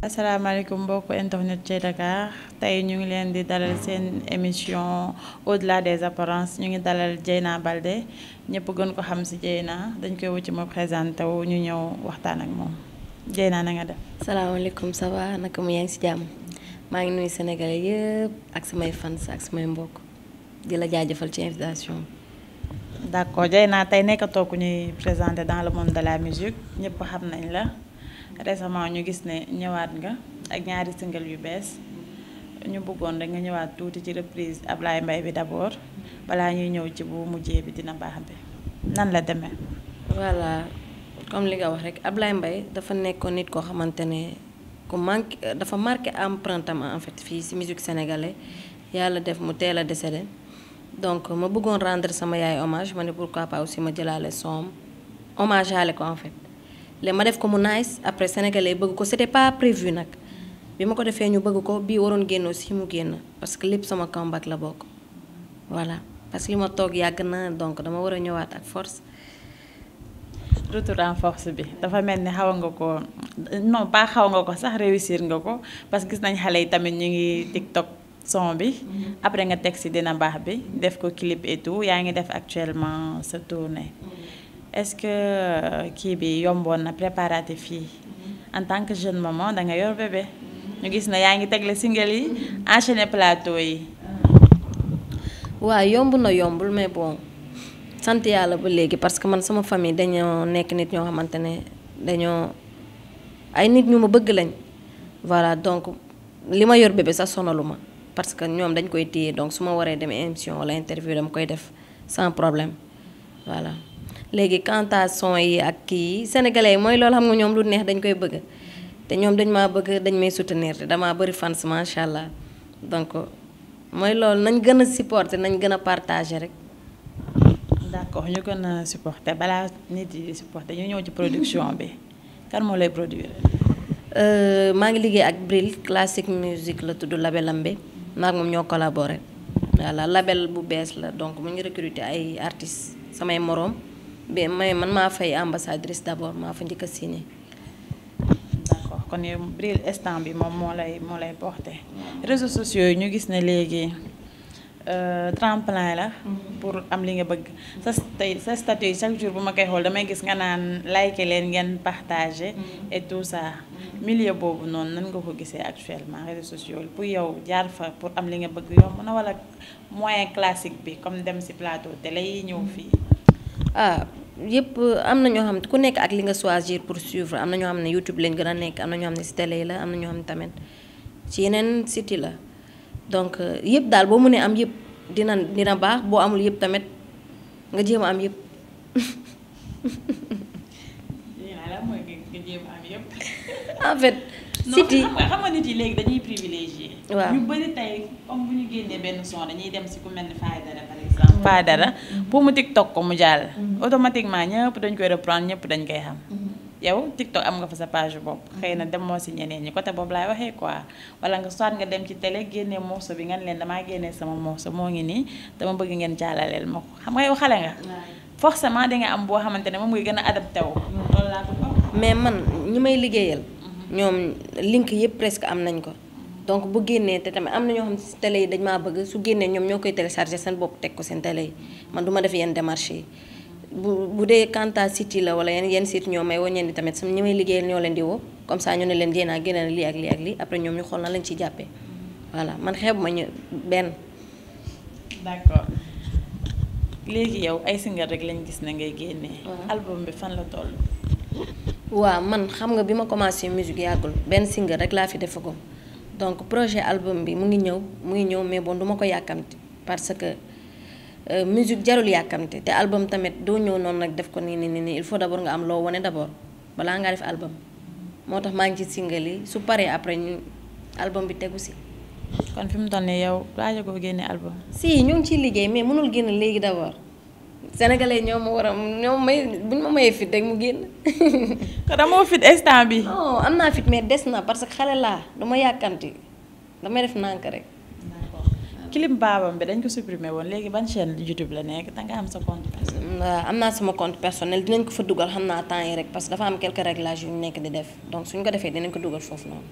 Assalamu asalaamaaleykum mbokk internet ci Dakar Tay ñu ngi leen di dalal seen émission au-delà des apparences ñu ngi dalal Dieyna Baldé Ñepp gën ko xam ci Dieyna dañ koy wëcc mo présenté wu ñu ñëw waxtaan ak mom. Dieyna na nga def. salaamaaleykum ça va naka mu yaa ci jàmm Ma ngi nuy sénégalais yëpp ak samay fans ak samay mbokk di la jaajëfal ci invitation bi. d'accord Dieyna tey nekkatoo ku ñuy présenté dans le monde de la musique Ñepp xam nañ la. récemment ñu gis ne ñëwaat nga ak ñaari single yu bees ñu bëggoon rek nga ñëwaat tuuti ci reprise Ablaye mbay bi d'abord balaa ñuy ñëw ci bu mujjee bi dina baax bi nan la demee. walla comme li nga wax rek Ablaye Mbaye dafa nekkoon nit koo xamante ne ku manqué dafa marqué empreinte am en fait fii si musique sénégalais yàlla def mu teel a décédé donc ma bëggoon rendre sama yaay omage ma ne pourquoi pas aussi ma jëlaale son hommage aale ko en Les ma comme nice après sénégalais beug ko c'était pas prévu nak. bi ma ko defee ñu beug ko bi waron genn aussi mu genn parce que lépp sama comeback la bok. voilà parce que li ma tok yàgg na donc dama wara ñëwaat ak force. retour en force bi dafa melni xaw nga ko non pas xaw nga ko sax réussir nga ko parce que gis nañ xalé tamit ñu ngi TikTok son bi. Mhm. après nga teg dina baax bi def ko clip et tout yaa ngi def actuellement sa tournée est-ce que euh, kii bon préparatif en tant que jeune maman da nga un bébé mm-hmm. ñu gis na yaa mm-hmm. plateau yi. Mm-hmm. mais bon santé parce que man famille dañoo nekk ma voilà donc les ma yor parce que nous dañ donc su émission interview dama koy sans problème voilà. léegi quant yi ak kii sénégalais yi mooy loolu xam nga ñoom lu neex dañ koy bëgg te ñoom dañ maa bëgg dañ may soutenir te damaa bëri fans macha allah donc mooy loolu nañ gën a supporter nañ gën a partager rek. d'accord ñu gën a supporter balaa nit yi supporter ñu ñëw ci production bi kan moo lay produire. Euh, maa ngi liggéey ak Bril classique musique la tudd labelam bi maag moom ñoo collaboré voilà label bu bees la donc mu ngi recruter ay artistes samay moroom. mais man maa fay ambassadrice d'abord maa fa njëkk a signé. d'accord kon yow Bril instant bi moom moo lay moo lay porté. réseaux sociaux yu ñu gis ne léegi euh, tremplin la. pour am li nga bëgg. sa tey sa statut yi chaque jour bu ma koy xool damay gis nga naan like leen ngeen partagé. et tout ça. milieu boobu noonu nañ nga ko gisee actuellement réseaux sociaux yi yow jaar fa pour am li nga bëgg yomb na wala moyen classique bi comme dem ci plateau te yi ñëw fii. Ah, yëpp am na ñoo xam ku nekk ak li nga choisir pour suivre am na ñoo xam ne YouTube lañ gën a nekk am na ñoo xam ne si télé yi la am na ñoo xam ne tamit ci yeneen site la donc euh, yépp daal boo mënee am yëpp dina dina baax boo amul yëpp tamit nga jéem a am yëpp. en fait. si di non xam nga nit yi léegi dañuy privilégié. waaw ñu bëri tey comme bu ñu génnee benn son dañuy dem si ku mel ni Faidara par exemple. Faidara mm-hmm. pour mu TikTok ko mu jàll. Mm-hmm. automatiquement ñëpp dañ koy reprendre ñëpp dañ koy xam. Mm-hmm. yow TikTok am nga fa sa page bopp. xëy na demoo si ñeneen ñi côté boobu laay waxee quoi wala nga soit nga dem ci télé génnee morceau bi nga ne leen damaa génnee sama morceau moo ngi nii dama bëgg ngeen jàllaleel ma ko xam nga yow xale nga. forcément da nga am boo xamante ne moom muy gën a adapté wu. Mm, mais man ñi may liggéeyal. ñoom link yëpp presque am nañ ko donc bu génnee te tamit am na ñoo xam si télé yi dañ maa bëgg su génnee ñoom ñoo koy téléchargé seen bopp teg ko seen télé yi man du ma def yenn démarche yi bu bu dee kanta site yi la wala yenn yenn site ñoo may woo ñeen di tamit sam ñi may liggéeyal ñoo leen di woo comme ça ñu ne leen jéenaa génne na lii ak lii ak lii après ñoom ñu xool na lañ ci jàppee voilà man xeebu ma ñu benn d'accord léegi yow ay single rek lañ gis na ngay génnee album bi la toll waaw man xam nga bi ma commencé musique yàggul benn single rek laa fi defagum donc projet album bi mu ngi ñëw mu ngi ñëw mais bon du ma ko yàkkamti parce que euh, musique jarul yàkkamti te album tamit doo ñëw noonu nag def ko nii nii nii il faut d'abord nga am loo wane d'abord balaa ngaa def album moo tax maa ngi ci single yi su paree après ñu album bi tegu si. kon fi mu toll nii yow laa laajagoo génne album. si ñu ngi ciy liggéey mais mënul génn léegi d'abord. sénégalais ñoo ma war a ñoo may buñ ma mayee fit rek mu génn. dama fit instant bi non am naa fit mais des na parce que xale laa dama yàkkanti damay def nànk rek. clip baabam bi dañ ko supprimer woon léegi ban chaîne YouTube la nekk danga am sa compte personnel. am naa sama compte dinañ ko fa dugal xam naa temps yi rek parce que dafa am quelques réglages yu ñu nekk di def donc suñ ko defee dinañ ko dugal foofu noonu.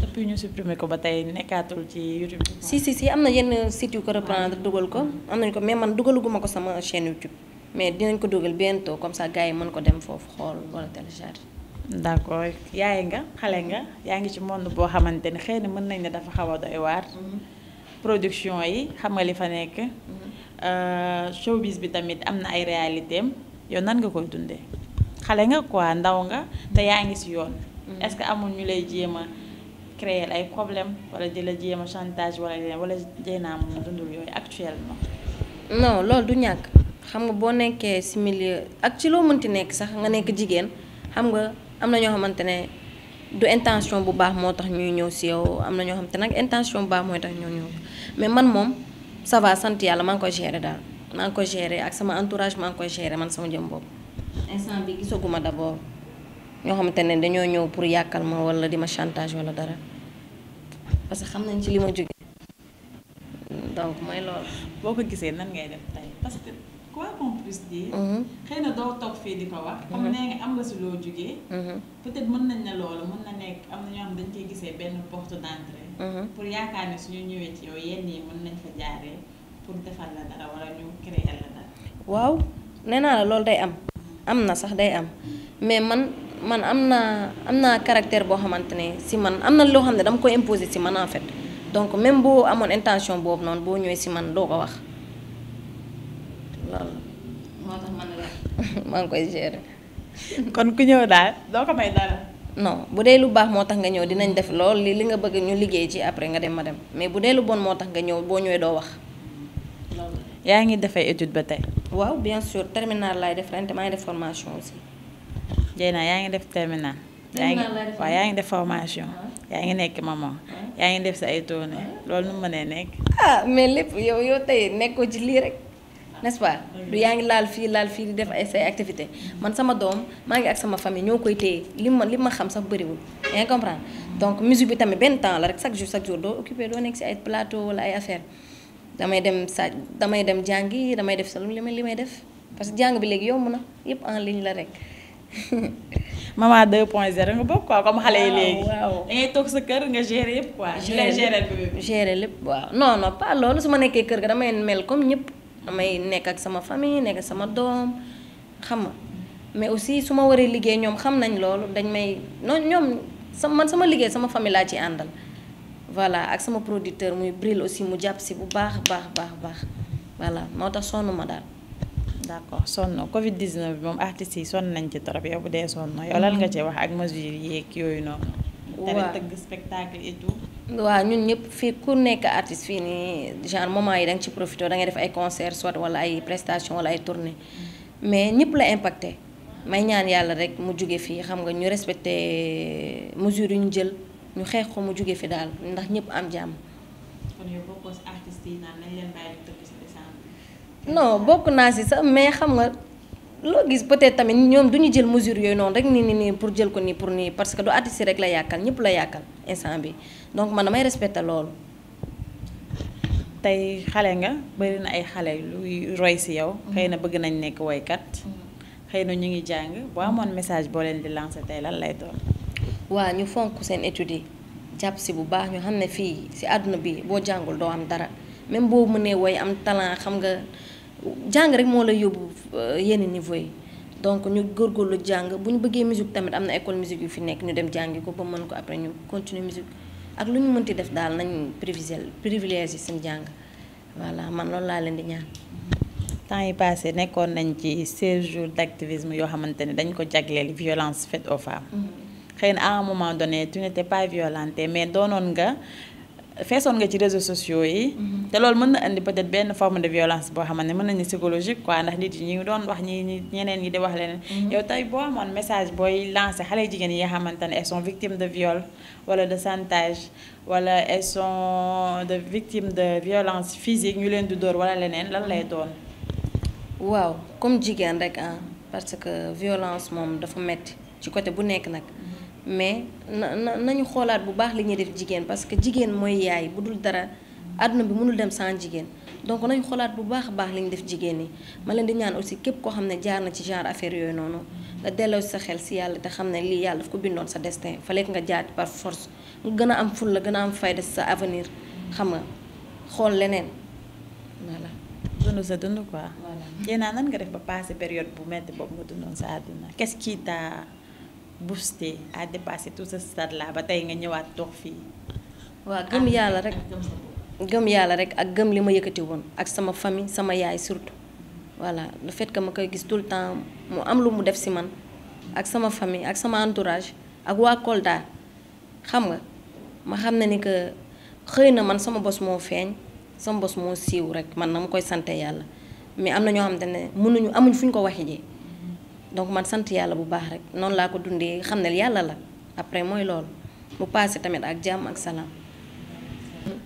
depuis ñu supprimer ko ba tey nekkaatul ci YouTube. si si si am na yenn site yu ko reprendre dugal ko am nañu ko mais man dugaluguma ko sama chaîne YouTube mais dinañ ko dugal bientôt comme sa gars yi mën ko dem foofu xool wala télécharge. d'accord yaay nga xale nga yaa ngi ci monde boo xamante ne xëy na mën nañ ne dafa xaw a doy waar. Mm-hmm. production yi xam nga li fa nekk. Mm-hmm. Euh, showbiz bi tamit am na ay réalité am yow nan nga koy dundee xale nga ko ndaw nga te mm-hmm. yaa ngi si yoon. est-ce que amul ñu lay jéem a créer ay problème wala di la chantage wala wala Dieyna mo dundul yoy actuellement. non lolou du ñak xam nga bo nekkee si milieu ak ci lo mënti nekk sax nga nekk jigen xam nga amna ño xamantene du intention bu baax moo tax ñuy ñew ci yow amna ño xamantene nak intention baax mooy tax ñoo ñëw mais man mom ça va sante yalla man ko gérer dal man ko gérer ak sama entourage man ko gérer man sama jëm bop instant bi gisaguma d'abord. ñoo xamante ne dañoo ñëw pour yàkkal ma wala di ma chantage wala dara parce que xam nañ ci li ma jóge donc mooy loolu. boo ko gisee nan ngay def tey parce que quoi qu'on puisse dire. Mm-hmm. xëy na doo toog fii di ko wax. comme mm-hmm. nee nga am na si loo jógee. Mm-hmm. peut-être mën nañ ne loolu mën na nekk am na ñoo xam dañ koy gisee benn porte d'entrée. pour yaakaar ne suñu ñëwee ci yow yenn yi mën nañ fa jaaree pour defal la dara wala ñu créer la dara. waaw nee naa la loolu day am. am na sax day am man am naa am naa caractère boo xamante ne si man am na loo xam ne dama ko imposer si man en fait donc même boo amoon intention boobu noonu boo ñëwee si man doo ko wax loolu moo tax man la maa ngi koy gérer. kon ku ñëw daal doo ko may dara. non bu dee lu baax moo tax nga ñëw dinañ def lool li li nga bëgg ñu liggéey ci après nga dem ma dem mais bu dee lu bon moo tax nga ñëw boo ñëwee doo wax. yaa ngi def ay ba tey. waaw bien sûr terminal laay def ren te maa def formation aussi. Dieyna yaa ngi def terminal. yaa ngi waaw yaa ngi def formation. yaa ngi nekk maman. yaa ngi def sa ay tournée loolu nu mu mënee nekk. ah mais lépp yow yow tey nekkoo ci lii rek n'est-ce pas. Mm-hmm. du yaa ngi laal fii laal fii di def ay say activité man sama doom maa ngi ak sama famille ñoo koy téye li ma li ma xam sax bëriwul yaa ngi comprendre. donc musique bi tamit benn temps la rek chaque jour chaque jour doo occupé doo nekk si ay plateau wala ay affaire damay dem sa damay dem jàngi damay def sa lu li may def parce que jàng bi léegi yomb na yëpp en ligne la rek. maman 2 point 0 nga bokk quoi comme xale yi léegi. waaw toog sa kër nga gérer yëpp quoi. gérer gérer bi gérer lépp waaw non non loolu su ma nekkee kër ga damay mel comme ñëpp damay nekk ak sama famille nekk sama doom xam nga mais aussi su ma waree liggéey ñoom xam nañ loolu dañ may noonu ñoom sama man sama liggéey sama famille laa ci àndal voilà ak sama producteur muy Bril aussi mu jàpp si bu baax baax baax baax voilà moo tax sonn ma daal. d'accord sonn Covid 19 bi moom artistes yi sonn yow bu nga ci wax ak mesures yeeg yooyu noonu. waaw tëgg spectacle et tout. waaw ñun ñëpp fii ku nekk artiste fii nii genre moment yi da ci profité da ngay def ay concert soit wala ay prestation wala ay tournée mm. mais ñëpp la impacté may ñaan yàlla rek mu juge fii xam nga ñu respecté mesures yu ñu jël ñu xeex ko mu juge fi daal ndax ñëpp am jàmm. non bokk naa si sax mais xam nga loo gis peut tamit ñoom du ñu jël mesure yooyu noonu rek nii nii nii pour jël ko nii pour nii parce que du artiste rek la yàkkal ñëpp la yàkkal instant bi donc man damay respecté loolu. tey xale nga bari na ay xale luy roy si yow. Mm-hmm. xëy na bëgg nañ nekk woykat. Mm-hmm. xëy na ñu ngi jàng boo amoon message boo leen di lancé tey lan lay doon. waa ñu fonk seen études yi jàpp si bu baax ñu xam ne fii si àdduna bi boo jàngul doo am dara même boo mënee woy am talent xam nga. jàng rek moo lay yóbbu euh, yenn niveau yi donc ñu lu jàng bu ñu bëggee musique tamit am na école musique yu fi nekk ñu dem jàngi ko ba mën ko après ñu continuer musique ak lu ñu mënti def daal nañ privilégié privilégié seen jàng voilà man loolu laa leen di ñaan. temps yi passé nekkoon nañ ci 16 jours d' yoo xamante ni dañ ko jagleel violence faite aux femmes. Mm-hmm. xëy na moment donné tu n' étais pas violentée mais doonoon nga feesoon nga ci réseaux sociaux yi. Mm-hmm. té loolu mën andi peut-être ben forme de violence bo xamante ne ni psychologique quoi ndax nit ñi ñu doon wax ñi ñeneen ñi di wax leneen. Mhm. yow tay bo amoon message boy lancé xale jigen yi xamantane elles sont victimes de viol wala de chantage wala elles sont de victimes de violence physique ñu leen di dóor wala leneen lan lay doon. waaw comme jigen rek ah parce que violence mom dafa metti ci côté bu nekk nak mhm. mais na na nañu xolaat bu baax li ñi def jigen parce que jigen moy yaay budul dara. àdduna bi mënul dem sans jigéen donc nañu xolaat bu baax a baax li def jigéen ñi ma leen di ñaan aussi képp koo xam ne jaar na ci genre affaire yooyu noonu nga delloo sa xel si yàlla te xam ne lii yàlla daf ko bindoon sa destin fa lekk nga jaar par force nga gën a am ful la gën a am fayda sa avenir xam nga xool leneen voilà. dund sa dund quoi. voilà yéen nan nga def ba passé période bu metti boobu nga dundoon sa àdduna qu'est-ce qui t'a boosté à dépasser tout ce stade laa ba tey nga ñëwaat toog fii. waaw gëm yàlla rek. Ah, gëm yàlla rek ak gëm li ma yëkkati woon ak sama famille sama yaay surtout voilà le fait que ma koy gis tout le temps mu am lu mu def si man ak sama famille ak sama entourage ak waa Kolda xam nga ma xam ne ni que xëy na man sama bos moo feeñ sama bos moo siiw rek man na ma koy sante yàlla mais am na ñoo xam ne mënuñu amuñ fu ñu ko waxee ji donc man sant yàlla bu baax rek noonu laa ko dundee xam ne yàlla la après mooy loolu mu passé tamit ak jàmm ak salaam.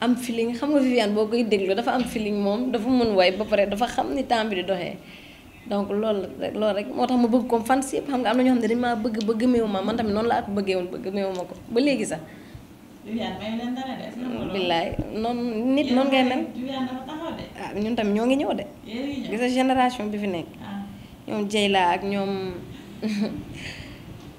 am feeling xam nga Viviane boo koy déglu dafa am feeling moom dafa mën way ba pare dafa xam ni temps bi di doxee donc loolu rek loolu rek moo tax ma bëgg comme fans yëpp xam nga am na ñoo xam ne dañ maa bëgg ba man tamit noonu laa ko bëggee woon ba ma ko ba léegi sax. Viviane may leen dara noonu nit noonu ngay mel. ah ñun tam ñoo ngi ñëw de. gis nga génération bi fi nekk. Ah. ñoom laa ak ñoom.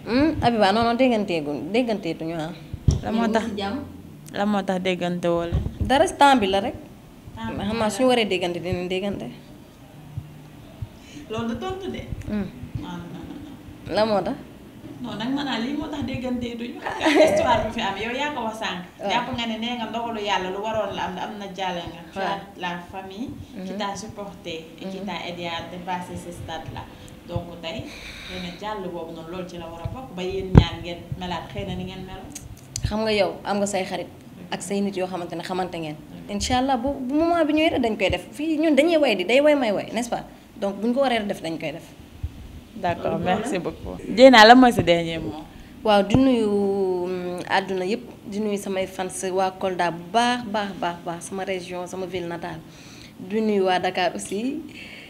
Hmm, Abiba non non dégganteeguñ dégganteetuñu ah. la moo tax la moo tax déggante wala. dara temps bi la rek. mais xam naa suñu waree déggante dinañ déggante. loolu du de. Hmm. la moo tax. non nag ma lii moo tax dégganteetuñu histoire fi am yow yaa ko wax ah. jàpp nga ne nee nga ndogalu yàlla lu waroon la am am na jàll nga. Ah. la famille. qui hmm. t'a supporté. et qui t'a aidé à donc tay dina jall jàll non lol ci la wara bok ba yeen ñaan ngeen melat xeyna ni ngeen mel. xam nga yow am nga say xarit ak say nit yo xamantene xamanté ngeen. inshallah bu bu moment bi ñu yéré dañ koy def fi ñun dañuy way di day way may way n'est-ce pas donc buñ ko waré def dañ koy def. d'accord merci beaucoup. Dieyna la moy sa dernier mot. waaw di nuyu aduna mm, yépp di nuyu samay fans wa Kolda bu baax baax baax baax sama région sama ville natale di nuyu wa Dakar aussi.